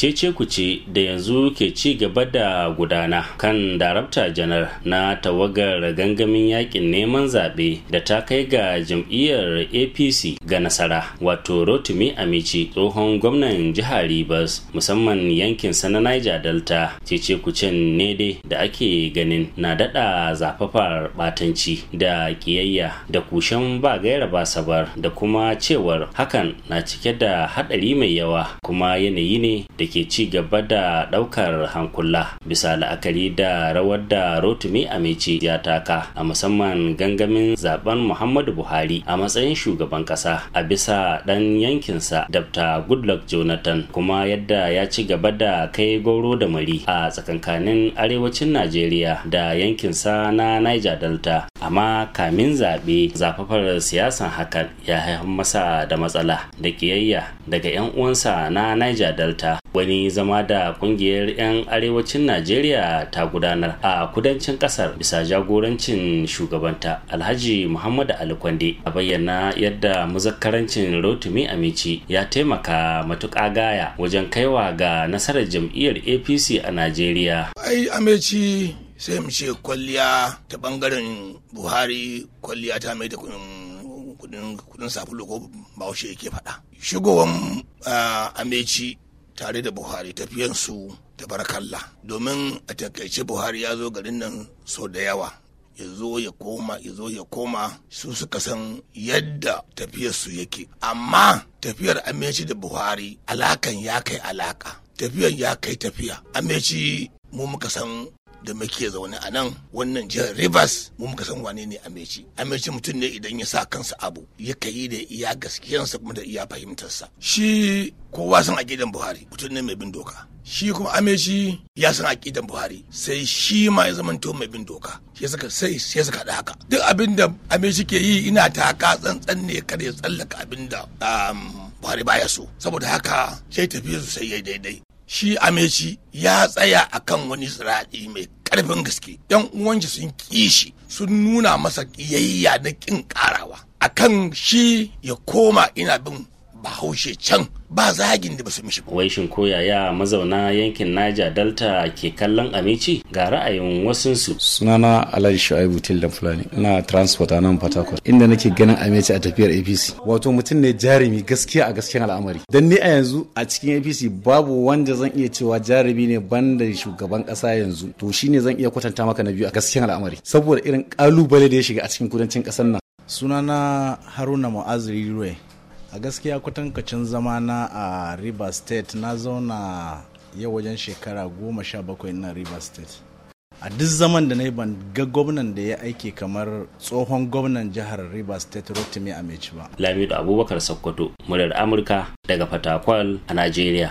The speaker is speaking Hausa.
cece kuce da yanzu ke ci gaba da gudana kan darabta janar na tawagar gangamin yakin neman zaɓe da ta kai ga jam'iyyar apc ga nasara wato rotimi amici tsohon gwamnan jihar ribas musamman yankin sana niger delta cece ne dai da ake ganin na daɗa zafafar ɓatanci da ƙiyayya da kushen ba gaira ba sabar da kuma cewar hakan na cike da haɗari mai yawa kuma yanayi ne da da ke ci gaba da ɗaukar hankula bisa la'akari da rawar da rotumi amici ya taka a musamman gangamin zaben muhammadu buhari a matsayin shugaban ƙasa a bisa ɗan yankinsa dr goodluck jonathan kuma yadda ya ci gaba da kai goro da mari a tsakankanin arewacin najeriya da yankinsa na niger delta amma kamin zaɓe zafafar siyasan hakan ya haifar masa da matsala da ƙiyayya daga 'yan uwansa na niger delta wani zama da kungiyar 'yan arewacin najeriya ta gudanar a kudancin kasar bisa jagorancin shugabanta alhaji muhammadu alikwande a bayyana yadda muzakkarancin rotumi amici ya taimaka matuƙa gaya wajen kaiwa ga nasarar jam'iyyar apc a najeriya ai amici sai mu ce kwalliya ta bangaren buhari kwalliya ta mai da kudin sabulu ko bahaushe ke faɗa shigowan ah, ameci tare da buhari tafiyansu ta barakalla domin a takaice buhari ya zo garin nan sau da yawa ya zo ya koma ya zo ya koma su suka san yadda tafiyarsu yake amma tafiyar ameci da buhari alakan ya kai alaka tafiyar ya kai tafiya ameci mu muka san da muke zaune a nan wannan jihar Rivers mu muka san wane ne Ameci. Ameci mutum ne idan ya sa kansa abu ya yi da iya gaskiyansa kuma da iya fahimtarsa. Shi kowa san aƙidan Buhari mutum ne mai bin doka. Shi kuma Ameci ya san aƙidan Buhari sai shi ma ya zama to mai bin doka. sai ya saka da haka. Duk abin da Ameci ke yi ina taka tsantsan ne kada ya tsallaka abin da um, Buhari baya so saboda haka sai tafi su sai ya daidai shi ameshi ya tsaya akan wani ziraɗi mai ƙarfin gaske yan uwanshi sun kishi sun nuna masa ƙiyayya na kin karawa akan shi ya koma ina bin bahaushe can ba zagin da ba su mishi ba. Wai shin koyaya mazauna yankin Niger Delta ke kallon Amici ga ra'ayin su. Sunana Alhaji Shu'aibu Tilda Fulani ina transport a nan Fatakwal inda nake ganin Amici a tafiyar APC. Wato mutum ne jarumi gaskiya a gaskiyan al'amari. Dan ni a yanzu a cikin APC babu wanda zan iya cewa jarumi ne banda shugaban kasa yanzu. To shine zan iya kwatanta maka na biyu a gaskiyan al'amari. Saboda irin kalubale da ya shiga a cikin kudancin kasar nan. Sunana Haruna Mu'azu Rue a gaskiya kwatankacin zama na a river state na zauna yau wajen shekara goma sha bakwai na river state a duk zaman da na yi ban ga gwamnan da ya aiki kamar tsohon gwamnan jihar river state rotimi amechi ba lamido abubakar sokoto muryar amurka daga fatakwal a nigeria